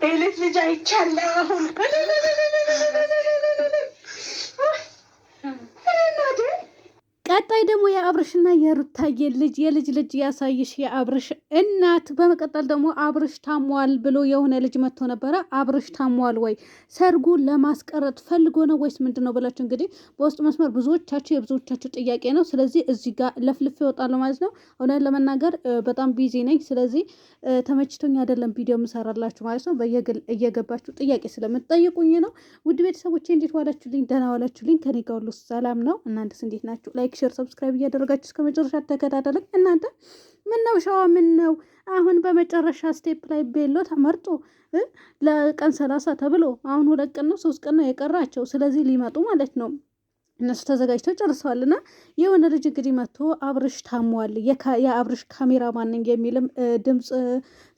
Eğletilecek kendi ahım. ደግሞ የአብርሽና የሩታዬ ልጅ የልጅ ልጅ ያሳይሽ የአብርሽ እናት። በመቀጠል ደግሞ አብርሽ ታሟል ብሎ የሆነ ልጅ መጥቶ ነበረ። አብርሽ ታሟል ወይ ሰርጉ ለማስቀረት ፈልጎ ነው ወይስ ምንድን ነው ብላችሁ እንግዲህ በውስጥ መስመር ብዙዎቻችሁ የብዙዎቻችሁ ጥያቄ ነው። ስለዚህ እዚህ ጋር ለፍልፍ ይወጣሉ ማለት ነው። እውነት ለመናገር በጣም ቢዚ ነኝ። ስለዚህ ተመችቶኝ አይደለም ቪዲዮ የምሰራላችሁ ማለት ነው። በየግል እየገባችሁ ጥያቄ ስለምትጠይቁኝ ነው። ውድ ቤተሰቦቼ እንዴት ዋላችሁልኝ? ደህና ዋላችሁልኝ? ከኔ ጋር ሁሉ ሰላም ነው። እናንተስ እንዴት ናችሁ? ላይክ ሼር፣ ሰብስ ሰብስክራይብ እያደረጋችሁ እስከ መጨረሻ ተከታተልን። እናንተ ምን ነው ሸዋ ምን ነው አሁን በመጨረሻ ስቴፕ ላይ ቤሎ ተመርጦ ለቀን ሰላሳ ተብሎ አሁን ሁለት ቀን ነው ሶስት ቀን ነው የቀራቸው። ስለዚህ ሊመጡ ማለት ነው እነሱ ተዘጋጅተው ጨርሰዋል። የሆነ ልጅ እንግዲህ መጥቶ አብርሽ ታሟል፣ የአብርሽ ካሜራ ማንኝ የሚልም ድምፅ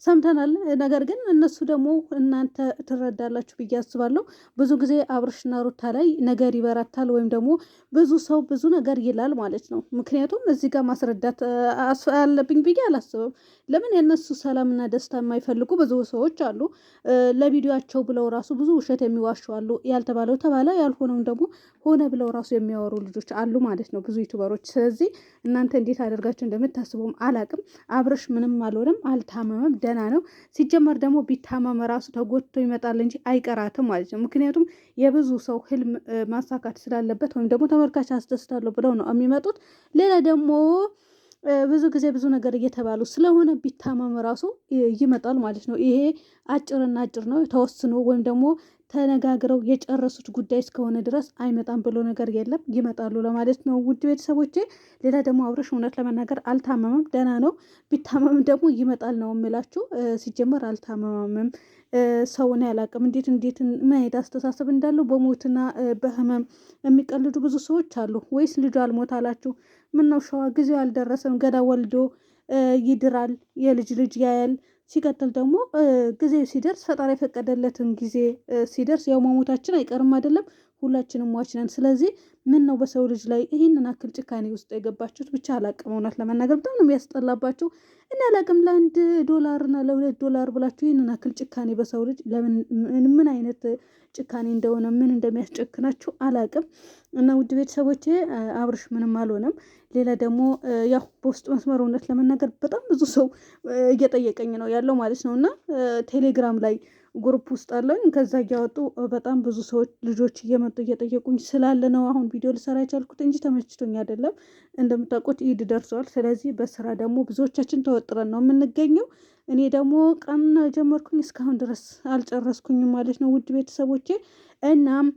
ሰምተናል። ነገር ግን እነሱ ደግሞ እናንተ ትረዳላችሁ ብዬ አስባለሁ። ብዙ ጊዜ አብርሽና ሩታ ላይ ነገር ይበራታል፣ ወይም ደግሞ ብዙ ሰው ብዙ ነገር ይላል ማለት ነው። ምክንያቱም እዚህ ጋር ማስረዳት አለብኝ ብዬ አላስብም። ለምን የእነሱ ሰላምና ደስታ የማይፈልጉ ብዙ ሰዎች አሉ። ለቪዲዮቸው ብለው ራሱ ብዙ ውሸት የሚዋሸዋሉ። ያልተባለው ተባለ፣ ያልሆነውን ደግሞ ሆነ ብለው ራሱ ራሱ የሚያወሩ ልጆች አሉ ማለት ነው፣ ብዙ ዩቱበሮች። ስለዚህ እናንተ እንዴት አደርጋችሁ እንደምታስቡም አላቅም። አብረሽ ምንም አልሆነም፣ አልታመመም፣ ደህና ነው። ሲጀመር ደግሞ ቢታመመ ራሱ ተጎድቶ ይመጣል እንጂ አይቀራትም ማለት ነው። ምክንያቱም የብዙ ሰው ህልም ማሳካት ስላለበት ወይም ደግሞ ተመልካች አስደስታለሁ ብለው ነው የሚመጡት። ሌላ ደግሞ ብዙ ጊዜ ብዙ ነገር እየተባሉ ስለሆነ ቢታመም ራሱ ይመጣል ማለት ነው። ይሄ አጭርና አጭር ነው ተወስኖ ወይም ደግሞ ተነጋግረው የጨረሱት ጉዳይ እስከሆነ ድረስ አይመጣም ብሎ ነገር የለም። ይመጣሉ ለማለት ነው። ውድ ቤተሰቦቼ፣ ሌላ ደግሞ አብረሽ እውነት ለመናገር አልታመመም፣ ደህና ነው። ቢታመምም ደግሞ ይመጣል ነው የምላችሁ። ሲጀመር አልታመመምም። ሰውን ያላቅም እንዴት እንዴት መሄድ አስተሳሰብ እንዳለው በሞትና በህመም የሚቀልዱ ብዙ ሰዎች አሉ። ወይስ ልጁ አልሞት አላችሁ? ምነው ሸዋ ጊዜው አልደረሰም? ገና ወልዶ ይድራል። የልጅ ልጅ ያያል። ሲቀጥል ደግሞ ጊዜ ሲደርስ ፈጣሪ የፈቀደለትን ጊዜ ሲደርስ ያው መሞታችን አይቀርም አይደለም ሁላችንም ዋችነን። ስለዚህ ምን ነው በሰው ልጅ ላይ ይህንን አክል ጭካኔ ውስጥ የገባችሁት? ብቻ አላቅም። እውነት ለመናገር በጣም ነው የሚያስጠላባችሁ። እኔ አላቅም። ለአንድ ዶላርና ለሁለት ዶላር ብላችሁ ይህንን አክል ጭካኔ በሰው ልጅ ምን አይነት ጭካኔ እንደሆነ ምን እንደሚያስጨክናችሁ አላቅም። እና ውድ ቤተሰቦቼ አብርሽ ምንም አልሆነም። ሌላ ደግሞ ያው በውስጥ መስመር እውነት ለመናገር በጣም ብዙ ሰው እየጠየቀኝ ነው ያለው ማለት ነው እና ቴሌግራም ላይ ግሩፕ ውስጥ አለኝ። ከዛ እያወጡ በጣም ብዙ ሰዎች ልጆች እየመጡ እየጠየቁኝ ስላለ ነው አሁን ቪዲዮ ልሰራ የቻልኩት እንጂ ተመችቶኝ አይደለም። እንደምታውቁት ኢድ ደርሰዋል። ስለዚህ በስራ ደግሞ ብዙዎቻችን ተወጥረን ነው የምንገኘው። እኔ ደግሞ ቀን ጀመርኩኝ እስካሁን ድረስ አልጨረስኩኝም ማለት ነው ውድ ቤተሰቦቼ እናም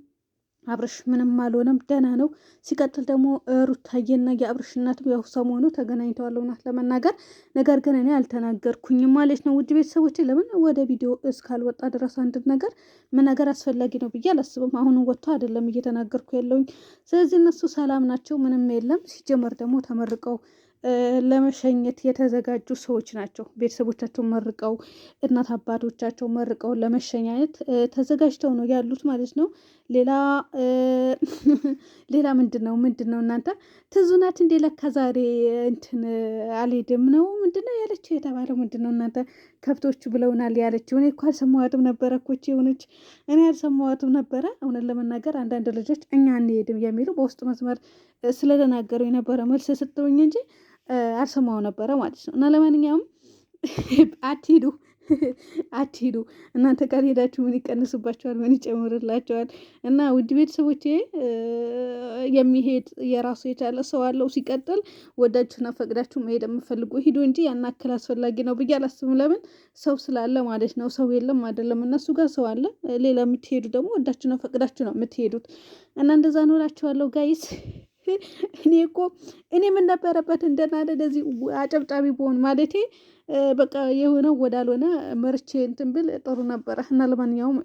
አብርሽ ምንም አልሆነም፣ ደህና ነው። ሲቀጥል ደግሞ ሩታዬና የአብርሽ እናትም ያው ሰሞኑ ተገናኝተዋል እውነት ለመናገር ነገር ግን እኔ አልተናገርኩኝም ማለት ነው። ውድ ቤተሰቦች ለምን ወደ ቪዲዮ እስካልወጣ ድረስ አንድ ነገር ምን ነገር አስፈላጊ ነው ብዬ አላስብም። አሁን ወጥቶ አይደለም እየተናገርኩ ያለውኝ። ስለዚህ እነሱ ሰላም ናቸው፣ ምንም የለም። ሲጀመር ደግሞ ተመርቀው ለመሸኘት የተዘጋጁ ሰዎች ናቸው። ቤተሰቦቻቸው መርቀው እናት አባቶቻቸው መርቀው ለመሸኛኘት ተዘጋጅተው ነው ያሉት ማለት ነው። ሌላ ሌላ ምንድን ነው ምንድን ነው እናንተ ትዙናት እንዴ ለካ ዛሬ እንትን አልሄድም ነው ምንድን ነው ያለችው የተባለው ምንድን ነው እናንተ ከብቶቹ ብለውናል ያለችው። እኔ እኮ አልሰማዋትም ነበረ ኮቼ የሆነች እኔ አልሰማዋትም ነበረ። እውነት ለመናገር አንዳንድ ልጆች እኛ አንሄድም የሚሉ በውስጥ መስመር ስለተናገሩ የነበረ መልስ ስጥሩኝ እንጂ አልሰማው ነበረ ማለት ነው። እና ለማንኛውም አትሂዱ አትሂዱ እናንተ ሄዳችሁ ምን ይቀንስባቸዋል? ምን ይጨምርላቸዋል? እና ውድ ቤተሰቦቼ የሚሄድ የራሱ የቻለ ሰው አለው። ሲቀጥል ወዳችሁና ፈቅዳችሁ መሄድ የምፈልጉ ሂዱ እንጂ ያን ያክል አስፈላጊ ነው ብዬ አላስብም። ለምን ሰው ስላለ ማለት ነው። ሰው የለም አይደለም፣ እነሱ ጋር ሰው አለ። ሌላ የምትሄዱ ደግሞ ወዳችሁና ፈቅዳችሁ ነው የምትሄዱት። እና እንደዛ ኖራችኋለሁ ጋይስ እኔ እኮ እኔ ምን ነበረበት እንደናለ ለዚህ አጨብጫቢ በሆን ማለቴ በቃ የሆነ ወዳልሆነ መርቼ እንትን ብል ጥሩ ነበረ እና ለማንኛውም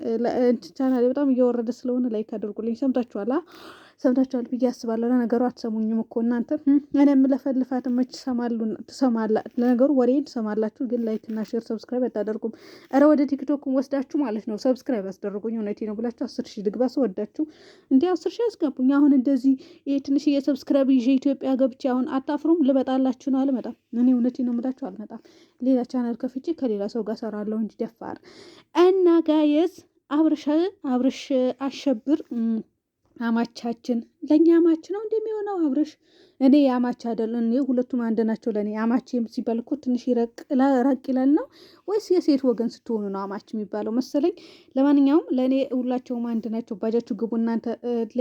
ቻናሌ በጣም እየወረደ ስለሆነ ላይክ አድርጉልኝ። ሰምታችኋላ። ሰምታችኋል ብዬ አስባለሁ። ለነገሩ አትሰሙኝም እኮ እናንተ እኔ የምለፈልፋት መች ትሰማላ። ለነገሩ ወሬን ትሰማላችሁ፣ ግን ላይክ እና ሼር ሰብስክራይብ አታደርጉም። ኧረ ወደ ቲክቶክም ወስዳችሁ ማለት ነው ሰብስክራይብ አስደርጉኝ። እውነቴ ነው ብላችሁ አስር ሺህ ልግባ ስወዳችሁ እንዲህ አስር ሺህ አስገቡኝ። አሁን እንደዚህ ትንሽ የሰብስክራይብ ይዤ ኢትዮጵያ ገብቼ አሁን አታፍሩም? ልመጣላችሁ ነው። አልመጣም። እኔ እውነቴ ነው የምላችሁ አልመጣም። ሌላ ቻናል ከፍቼ ከሌላ ሰው ጋር ሰራለሁ እንጂ ደፋር እና ጋየስ አብርሽ አሸብር አማቻችን ለእኛ አማች ነው እንደሚሆነው አብረሽ እኔ የአማች አይደለ ሁለቱም አንድ ናቸው ለእኔ አማች ሲባል እኮ ትንሽ ረቅ ይላል ነው ወይስ የሴት ወገን ስትሆኑ ነው አማች የሚባለው መሰለኝ ለማንኛውም ለእኔ ሁላቸውም አንድ ናቸው ባጃችሁ ግቡ እናንተ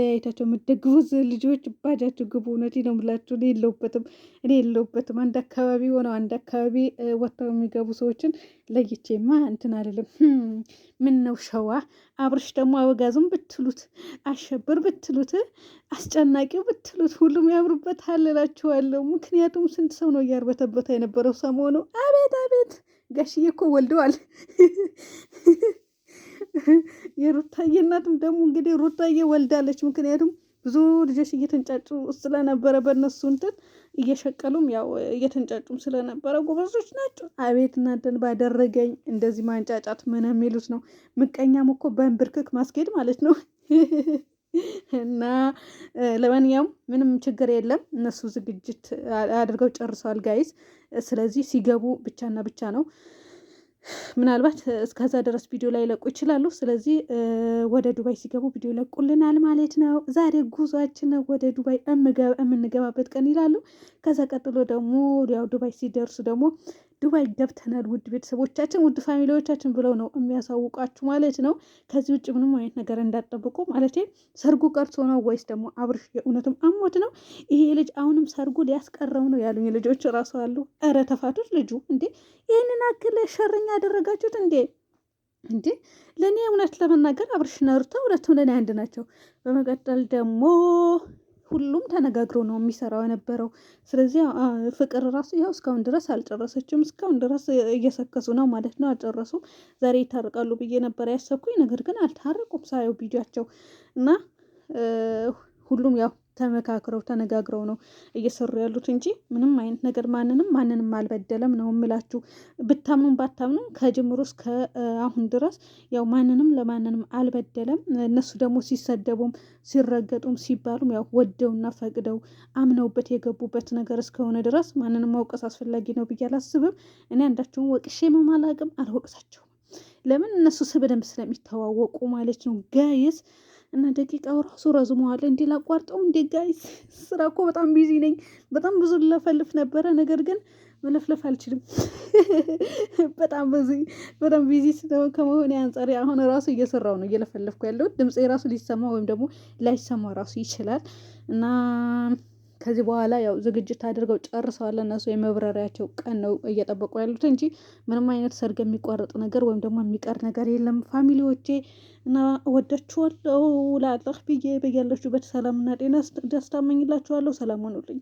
ለያይታቸው የምትደግፉት ልጆች ባጃችሁ ግቡ እውነት ነው የምላችሁ እኔ የለሁበትም እኔ የለሁበትም አንድ አካባቢ ሆነው አንድ አካባቢ ወጥተው የሚገቡ ሰዎችን ለይቼማ እንትን አይደለም hm ምን ነው ሸዋ አብረሽ ደግሞ አበጋዝም ብትሉት አሸብር ብትሉት አስጨናቂው ብትሉት ሁሉም ያምሩበታል እላችኋለሁ። ምክንያቱም ስንት ሰው ነው እያርበተበት የነበረው ሰሞኑ። አቤት አቤት ጋሽዬ እኮ ወልደዋል። የሩታዬ እናትም ደግሞ እንግዲህ ሩታዬ ወልዳለች። ምክንያቱም ብዙ ልጆች እየተንጫጩ ስለነበረ በእነሱ እንትን እየሸቀሉም ያው እየተንጫጩም ስለነበረ ጎበዞች ናቸው። አቤት እናንተን ባደረገኝ እንደዚህ ማንጫጫት ምን የሚሉት ነው። ምቀኛም እኮ በንብርክክ ማስኬድ ማለት ነው። እና ለማንኛውም ምንም ችግር የለም። እነሱ ዝግጅት አድርገው ጨርሰዋል ጋይዝ። ስለዚህ ሲገቡ ብቻና ብቻ ነው። ምናልባት እስከዛ ድረስ ቪዲዮ ላይ ለቁ ይችላሉ። ስለዚህ ወደ ዱባይ ሲገቡ ቪዲዮ ይለቁልናል ማለት ነው። ዛሬ ጉዟችን ወደ ዱባይ የምንገባበት ቀን ይላሉ። ከዛ ቀጥሎ ደግሞ ያው ዱባይ ሲደርሱ ደግሞ ዱባይ ገብተናል ውድ ቤተሰቦቻችን፣ ውድ ፋሚሊዎቻችን ብለው ነው የሚያሳውቃችሁ ማለት ነው። ከዚህ ውጭ ምንም አይነት ነገር እንዳጠብቁ ማለት ሰርጉ ቀርቶ ነው ወይስ ደግሞ አብርሽ የእውነትም አሞት ነው? ይሄ ልጅ አሁንም ሰርጉ ሊያስቀረው ነው ያሉኝ ልጆች እራሱ አሉ። ኧረ ተፋቶች ልጁ እንዴ! ይህንን አክል ሸረኛ ያደረጋችሁት እንዴ! እንዴ ለእኔ እውነት ለመናገር አብርሽና ሩታ ሁለቱም ለእኔ አንድ ናቸው። በመቀጠል ደግሞ ሁሉም ተነጋግሮ ነው የሚሰራው የነበረው። ስለዚህ ፍቅር ራሱ ያው እስካሁን ድረስ አልጨረሰችም። እስካሁን ድረስ እየሰከሱ ነው ማለት ነው። አልጨረሱም። ዛሬ ይታርቃሉ ብዬ ነበር ያሰብኩኝ፣ ነገር ግን አልታረቁም ሳየው ቪዲዮቸው እና ሁሉም ያው ተመካክረው ተነጋግረው ነው እየሰሩ ያሉት እንጂ ምንም አይነት ነገር ማንንም ማንንም አልበደለም ነው የምላችሁ። ብታምኑም ባታምኑም ከጅምሩ እስከ አሁን ድረስ ያው ማንንም ለማንንም አልበደለም። እነሱ ደግሞ ሲሰደቡም ሲረገጡም ሲባሉም ያው ወደውና ፈቅደው አምነውበት የገቡበት ነገር እስከሆነ ድረስ ማንንም መውቀስ አስፈላጊ ነው ብዬ አላስብም። እኔ አንዳቸውን ወቅሼ መማላቅም አልወቅሳቸውም። ለምን እነሱ በደንብ ስለሚተዋወቁ ማለት ነው ጋይስ እና ደቂቃው ራሱ ረዝመዋል። እንዴ ላቋርጠው እንዴ ጋይስ፣ ስራ እኮ በጣም ቢዚ ነኝ። በጣም ብዙ ልለፈልፍ ነበረ፣ ነገር ግን መለፍለፍ አልችልም። በጣም ብዙ በጣም ቢዚ ከመሆን አንጻር አሁን ራሱ እየሰራው ነው እየለፈለፍኩ ያለሁት። ድምፄ ራሱ ሊሰማ ወይም ደግሞ ላይሰማ ራሱ ይችላል እና ከዚህ በኋላ ያው ዝግጅት አድርገው ጨርሰዋል። እነሱ የመብረሪያቸው ቀን ነው እየጠበቁ ያሉት እንጂ ምንም አይነት ሰርግ የሚቋረጥ ነገር ወይም ደግሞ የሚቀር ነገር የለም። ፋሚሊዎቼ እና ወዳችኋለሁ። ላለህ ብዬ በያላችሁበት ሰላምና ጤና ደስታ እመኝላችኋለሁ። ሰላም ሆኑልኝ።